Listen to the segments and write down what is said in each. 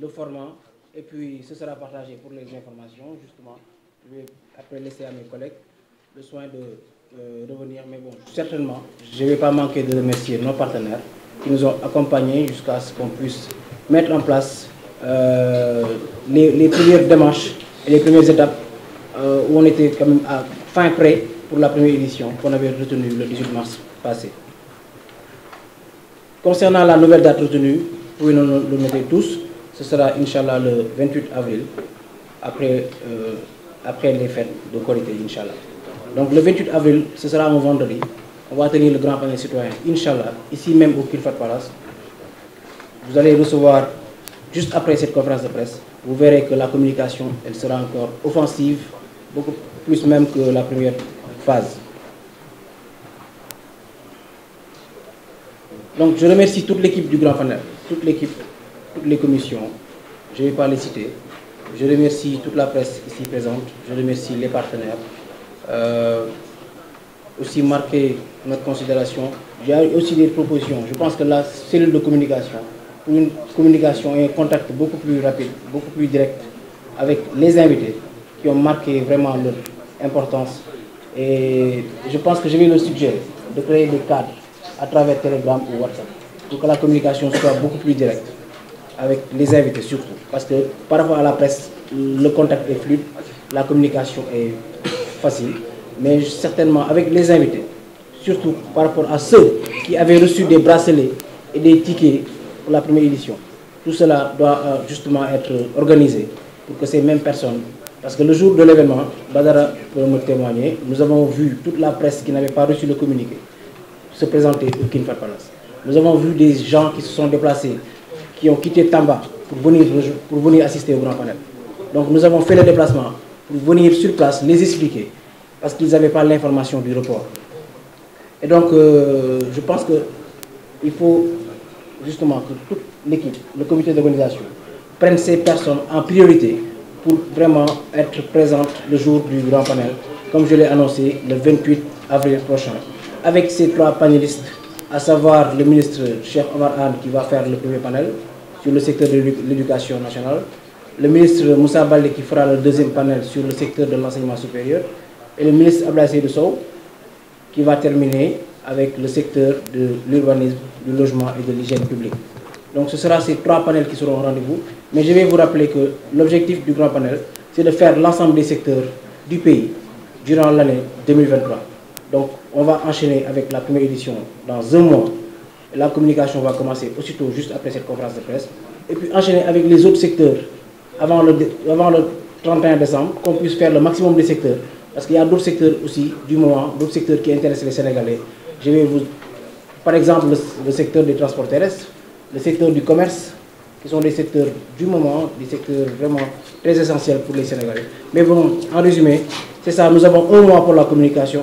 le format, et puis ce sera partagé pour les informations, justement. Je vais après laisser à mes collègues le soin de euh, revenir, mais bon, certainement, je ne vais pas manquer de remercier nos partenaires qui nous ont accompagnés jusqu'à ce qu'on puisse mettre en place euh, les, les, premières démarches et les premières étapes euh, où on était à fin prêt pour la première édition qu'on avait retenue le mars passé. Concernant la nouvelle date retenue, vous nous le notez tous, Ce sera, Inch'Allah, le 28 avril, après, euh, après de Corité, Inch'Allah. Donc le avril, ce sera un vendredi. On va tenir le grand panel citoyen, Inch'Allah, ici même au Kilfat Vous allez recevoir, juste après cette conférence de presse, vous verrez que la communication, elle sera encore offensive, beaucoup plus même que la première phase. Donc je remercie toute l'équipe du Grand Panel, toute l'équipe toutes les commissions, je ne vais Je remercie toute la presse ici présente, je remercie les partenaires. Euh, aussi marquer notre considération. J'ai aussi des propositions. Je pense que la cellule de communication, une communication et un contact beaucoup plus rapide, beaucoup plus direct avec les invités qui ont marqué vraiment leur importance. Et je pense que je vais leur suggérer de créer des cadres à travers Telegram ou WhatsApp pour que la communication soit avec les invités surtout. Parce que par rapport à la presse, le contact est fluide, la communication est facile. Mais certainement avec les invités, surtout par rapport à ceux qui avaient reçu des bracelets et des tickets pour la première édition. Tout cela doit euh, justement être organisé pour que ces mêmes personnes parce que le jour de l'événement, Badara peut me témoigner, nous avons vu toute la presse qui n'avait pas reçu le communiqué se présenter au qui ont quitté Tamba pour venir, pour venir assister au Grand Panel. Donc nous avons fait le déplacement sur place les expliquer, parce qu'ils n'avaient pas l'information du report. Et donc euh, je pense qu'il faut justement que toute l'équipe, le comité d'organisation, prenne ces personnes en priorité pour vraiment être présente le jour comme je l'ai annoncé le 28 avril prochain, avec ces trois panélistes, à savoir le ministre Cheikh Omar Anne qui sur le secteur de l'éducation nationale, le ministre Moussa Balde qui fera le deuxième panel sur le secteur de l'enseignement supérieur et le ministre Ablassé de Sow qui va terminer avec le secteur de l'urbanisme, du logement et de l'hygiène publique. Donc ce sera ces trois panels qui seront au rendez-vous. Mais je vais vous rappeler que l'objectif du grand panel, c'est de faire l'ensemble des secteurs du pays durant l'année Donc on va enchaîner avec la première édition dans la communication va commencer aussitôt juste après cette conférence de presse et puis enchaîner avec les autres secteurs avant le, décembre, qu'on puisse faire le maximum des secteurs. Parce qu'il y a d'autres secteurs aussi du moment, d'autres secteurs qui intéressent les Sénégalais. Je vais par exemple, le, le secteur des transports terrestres, le secteur du commerce, qui sont des secteurs du moment, des secteurs vraiment très essentiels pour les Sénégalais. Mais bon, en résumé, c'est mois pour la communication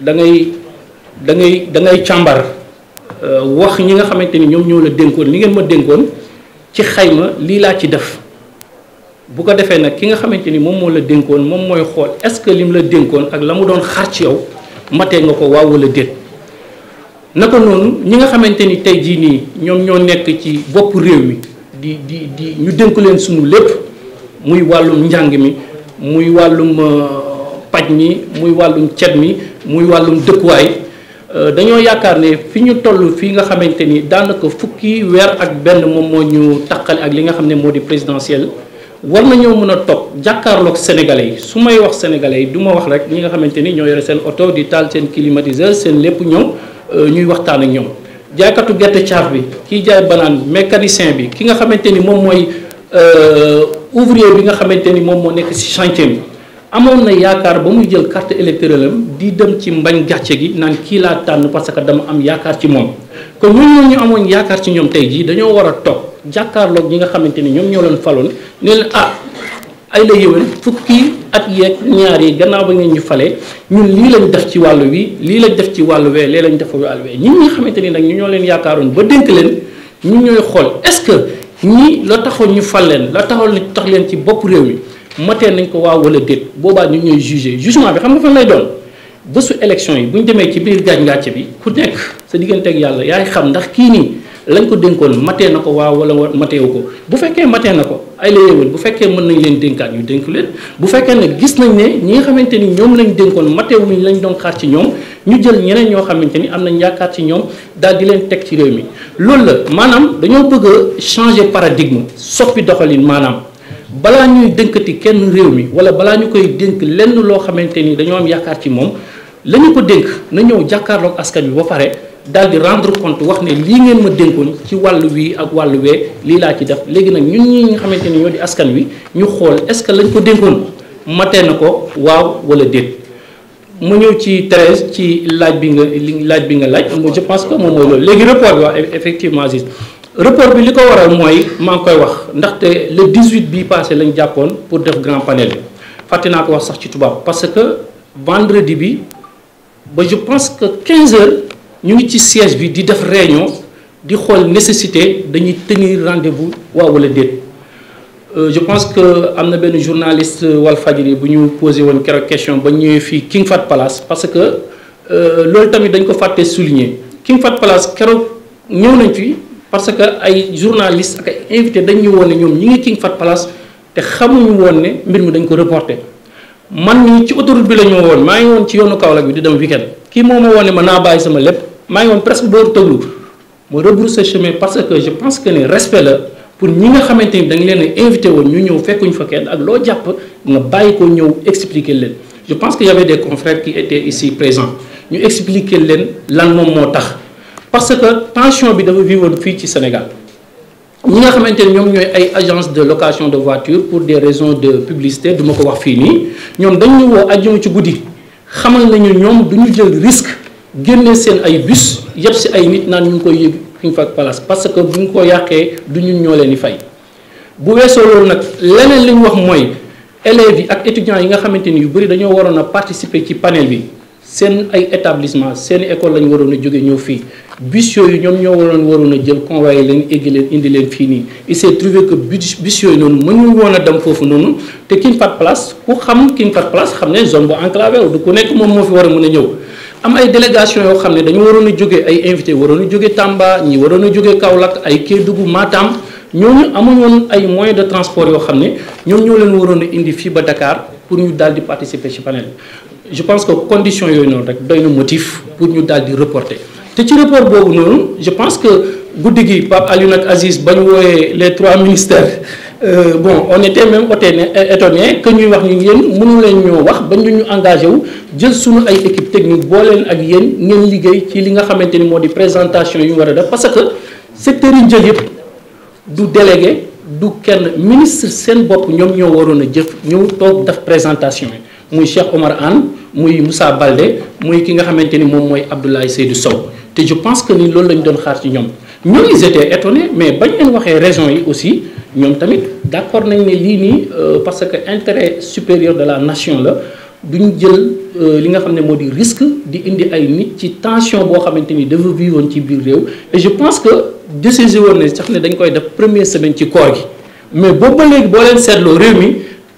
da ngay da da ngay càmbar euh, wax ñi nga xamante ni ñoom ñoo la dénkoon li ngeen ma dénkoon ci xayma lii laa ci def bu ko defee nag ki nga xamante ni moom moo la dénkoon moom mooy xool est-ce que lim la dénkoon ak la mu doon xaar ci yow mate nga ko waaw wala déet naka noonu ñi nga xamante ni tey jii nii ñoom ñoo nekk ci bopp réew mi di di di ñu dénk leen sunu lépp muy wàllum njàng mi muy wàllum. Euh, paj mi muy wàllum cet mi muy wàllum dëkkuwaay euh, dañoo yaakaar ne fi ñu toll fii nga xamante ni daanaka fukki weer ak benn moom moo ñu taqale ak li nga xam ne moo di présidentiel war ñoo mën a toog jàkkaarlook sénégalais yi su may wax sénégalais yi du ma wax rek ñi nga xamante ni ñoo yore seen oto di taal seen climatiseur seen lépp ñoom euh, ñuy waxtaan ak ñoom. jaaykatu gerte caaf bi kiy jaay banaan mécanicien bi ki nga xamante ni moom mooy euh, ouvrier bi nga xamante ni moom moo nekk ci chantier bi. amoon na yaakaar ba muy jël carte électorale am di dem ci mbañ gàcce gi naan kii laa tànn parce que dama am yaakaar ci moom kon ñun ñu amoon yaakaar ci ñoom tey jii dañoo war a toog jàkkaarloog ñi nga xamante ni ñoom ñoo leen faloon ne ah ay la yéwén fukki at yeeg ñaar gannaaw ba ngeen ñu falee ñun lii lañ def ci wàllu wi lii lañ def ci wàllu wee lee lañ def wàllu wee ñun xamante ni nag ñu ñoo leen yaakaaroon ba denk leen ñu ñooy xool est-ce que ñi la taxoon ñu fal leen la taxoon tax leen ci bopp réew mi matee nañ ko waaw wala déet boobaa ñu ñooy jugé jugement bi xam nga fan lay doon bésu élection yi bu ñu demee ci biir gaaj ngàcce bi ku nekk sa digganteeg yàlla yaay xam ndax kii nii lañ ko dénkoon matee na ko waaw wala mateewu ko bu fekkee matee na ko ay bu fekkee mën nañ leen dénkaat ñu dénk leen bu fekkee ne gis nañ ne ñi nga xamante ni ñoom lañ dénkoon mateewuñ lañ doon xaar ci ñoom ñu jël ñeneen ñoo xamante ni am nañ yaakaar ci ñoom daal di leen teg ci réew mi loolu la maanaam dañoo bëgg a changer paradigme soppi doxalin maanaam balaa ñuy dënkati kenn réew mi wala balaa ñu koy dénk lenn loo xamante ni dañoo am yaakaar ci moom la ko dénk na ñëw jàkkaarlook askan bi ba pare daldi rendre compte wax ne lii ngeen ma dénkoon ci wàllu wii ak wàllu wee lii laa ci def léegi nag ñun ñi nga xamante ni ñoo di askan wi ñu xool est-ce que lañ ko dénkoon matee na ko waaw wala déet. mu ñëw ci treize ci laaj bi nga li laaj bi nga laaj. je pense que moom mooy loolu léegi report bi effectivement Aziz report bi li ko waral mooy maa ngi koy wax ndaxte le 18 bi passé lañ jàppoon pour def grand panel bi fàtte naa ko wax sax ci tubaab parce que vendredi bi ba je pense que 15 ñu ngi ci siège bi di def réunion di xool nécessité dañuy tenir rendez-vous waaw wala déet. Euh, je pense que am na benn journaliste Walfadjri bu ñu posé woon keroog question ba ñëwee fii King Fat Palace parce que euh, loolu tamit dañ ko fàtte souligner King Fat Palace keroog ñëw nañ fi. parce que ay journaliste ak ay invité dañ woon ne ñoom ñi ngi King Fahd Palace te xamuñu woon ne mbir mi dañ ko reporté man mii ci autoroute bi la ñu woon maa ngi woon ci yoonu Kaolack bi di dem weekend kii moo ma woon ne ma naa bàyyi sama lépp maa ngi woon presque booru tëglu ma rebroussé chemin parce que je pense que ne respect la pour ñi nga xamante ni da leen a invité woon ñu ñëw fekkuñu fa kenn ak loo jàpp nga bàyyi ko ñëw expliquer leen je pense que y avait des confrères qui étaient ici ñu expliquer leen lan moom moo tax. parce que tension bi dafa vivoon fii ci Sénégal ñi nga xamante ni ñoom ñooy ay agence de location de voiture pour des raisons de publicité duma ko wax fii nii ñoom dañu woo ajjuma ci guddi xamal nañu ñoom du ñu jël risque génne seen ay bus yëpp si ay nit naan ñu ngi koy yëg King Fahd Palace parce que bu ñu ko yàqee du ñun ñoo leen di fay bu weesoo loolu nag leneen li wax mooy élèves yi ak étudiants yi nga xamante ni yu bëri dañoo waroon a participer ci panel bi seen ay établissement seen école lañ waroon a jóge ñëw fii bis yooyu ñoom ñoo waroon waroon a jël convoyé leen égg leen indi leen fii nii il s'est trouvé que bus bus yooyu noonu mënul woon a dem foofu noonu te King Fahd Palace ku xam King Fahd Palace xam ne zone bu enclavé du ku nekk moom moo fi war a mën a ñëw am ay délégation yoo xam ne dañu waroon a jóge ay invité waroon a jóge Tamba ñi waroon a jóge Kaolack ay Kédougou Matam ñooñu amuñu woon ay moyens de transport yoo xam ne ñoom ñoo leen waroon a indi fii ba Dakar pour ñu daal di participer ci panel bi je pense que condition yooyu noonu rek doy na motif pour ñu daal di reporter te ci report boobu noonu je pense que guddi gi Pape Alioune ak Aziz ba ñu wooyee les trois ministères euh, bon on était même étonné que ñuy wax ñu yéen mënu leen ñoo wax ba ñu ñu engagé wu jël suñu ay équipe technique boo leen ak yéen ngeen liggéey ci li nga xamante ni moo di présentation yu war a def parce que secteur yi njël yëpp du délégué du kenn ministre seen bopp ñoom ñoo waroon a jëf ñëw toog def présentation yi muy Cheikh Omar Anne muy Moussa Baldé muy ki nga xamante ni moom mooy Abdoulaye Seydou Sow te je pense que ni loolu lañ doon xaar ci ñoom ñoom ils étaient étonnés mais bañ leen waxee raison yi aussi ñoom tamit d'accord nañ ne lii nii euh, parce que intéret supérieur de la nation la duñ jël euh, li nga xam ne moo di risque di indi ay nit ci tension boo xamante ni dafa woon ci biir réew décisé woon ne sax ne dañ koy def premier semaine ci koor gi mais boobu ba léegi boo leen seetloo réew mi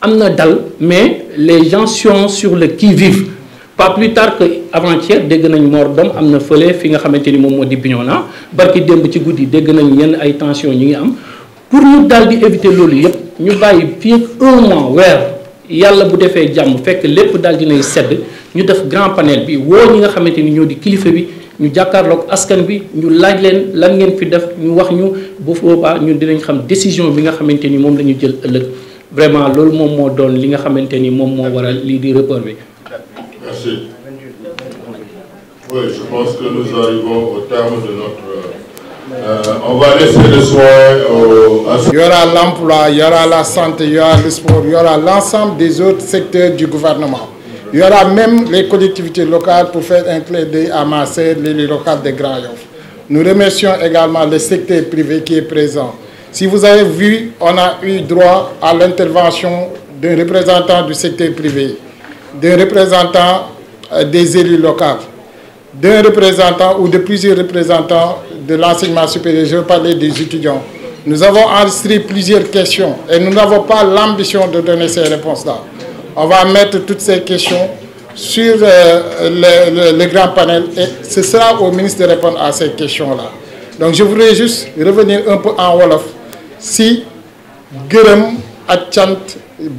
am na dal mais les gens sont sur le qui-vive pas plus tard que avant dégg nañu mort d'homme am na fële fi nga xamante ni moom moo di Bignona barki démb ci guddi dégg nañ yenn ay tension ñu ngi am pour ñu daal di éviter loolu yépp ñu bàyyi fii ak un mois weer yàlla bu defee jàmm fekk lépp daal dinay sedd ñu def grand panel bi woo ñi nga xamante ni ñoo di kilifa bi ñu jàkkaarloog askan bi ñu laaj leen lan ngeen fi def ñu wax ñu bu boobaa ñun dinañ xam décision bi nga xamante ni moom la jël ëllëg vraiment loolu moom moo doon li nga xamante ni moom moo waral lii di rapport bi. Merci. Oui, je pense que nous arrivons au terme de euh, la santé, des autres secteurs du gouvernement. Il y aura même les collectivités locales pour faire un clin d'œil à ma sœur, l'élu local de Grand Yoff. Nous remercions également le secteur privé qui est présent. Si vous avez vu, on a eu droit à l'intervention d'un représentant du secteur privé, d'un représentant euh, des élus locaux, d'un représentant ou de plusieurs représentants de l'enseignement supérieur, je parlais des étudiants. Nous avons enregistré plusieurs questions et nous n'avons pas l'ambition de donner ces réponses-là. On va mettre toutes ces questions sur euh, le, le, le, grand panel et ce sera au ministre de à ces questions la Donc je voudrais juste revenir un peu en wolof si gërëm ak cant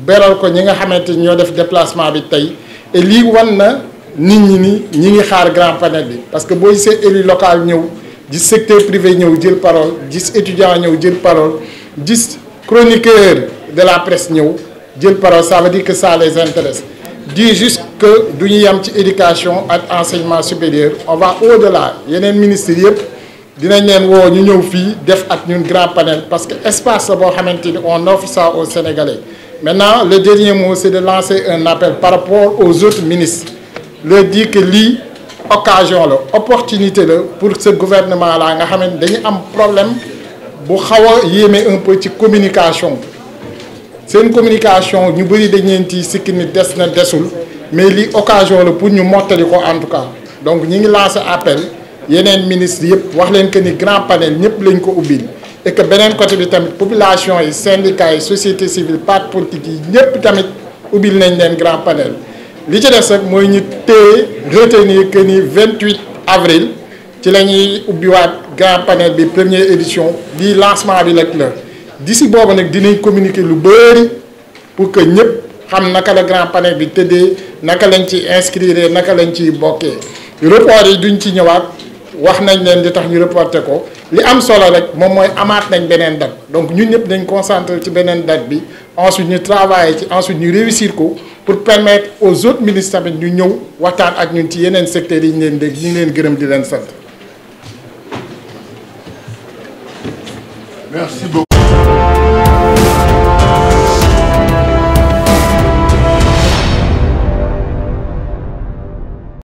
beral ko ñi nga xamante ni ñoo def déplacement bi tey et lii wan na nit ñi ni ñi ngi xaar grand panel bi parce que boo gisee élu local ñëw gis secteur privé ñëw jël parole gis étudiant ñëw jël parole gis chroniqueur de la presse ñëw jël parole ça veut dire que ça les intéresse dis juste que du ñu yem ci éducation ak enseignement supérieur on va au-delà yeneen ministres yëpp dinañ leen woo ñu ñëw fii def ak ñun grand panel parce que espace la boo xamante ni on offre ça aux Sénégalais maintenant le dernier mot c'est de lancer un appel par rapport aux autres ministres leur dire que lii occasion la opportunité la pour ce gouvernement la nga xamante dañu am problème bu xaw a yéeme un ci communication seen communication ñu bëri dañ leen ci sikki ni des na desul mais lii occasion la pour ñu mottali ko en tout cas donc ñi ngi lancé appel yeneen ministre yëpp wax leen que ni grand panel ñëpp lañ ko ubbil et que beneen côté bi tamit population yi syndicats yi société civile part politique yi ñëpp tamit ubbil nañ leen grand panel li ci des rek mooy ñu téye retenir que ni 28 avril ci la ñuy ubbiwaat grand panel bi première édition lii lancement bi nag la d'ici booba nag dinañ communiquer lu bëri pour que ñëpp xam naka la grand panel bi tëddee naka lañ ci inscrire naka lañ ciy bokkee report yi duñ ci ñëwaat wax nañ leen di tax ñu reporté ko li am solo rek moom mooy amaat nañ beneen date donc ñun ñëpp dañ concentré ci beneen date bi ensuite ñu travaillé ci ensuite ñu réussir ko pour permettre aux autres ministres tamit ñu ñëw waxtaan ak ñun ci yeneen secteurs yi ñu leen dégg ñu leen gërëm di leen sant.